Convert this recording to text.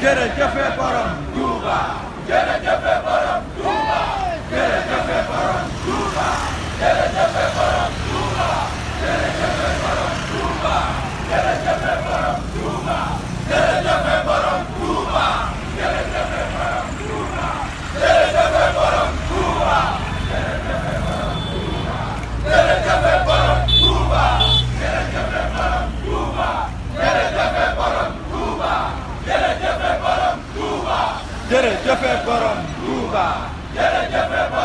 jërëjëfe borom Touba jërëjëfe borom Touba jërëjëfe borom Touba jërëjëfe borom Touba jërëjëfe borom Touba jërëjëfe borom Touba jërëjëf borom Touba jërëjëf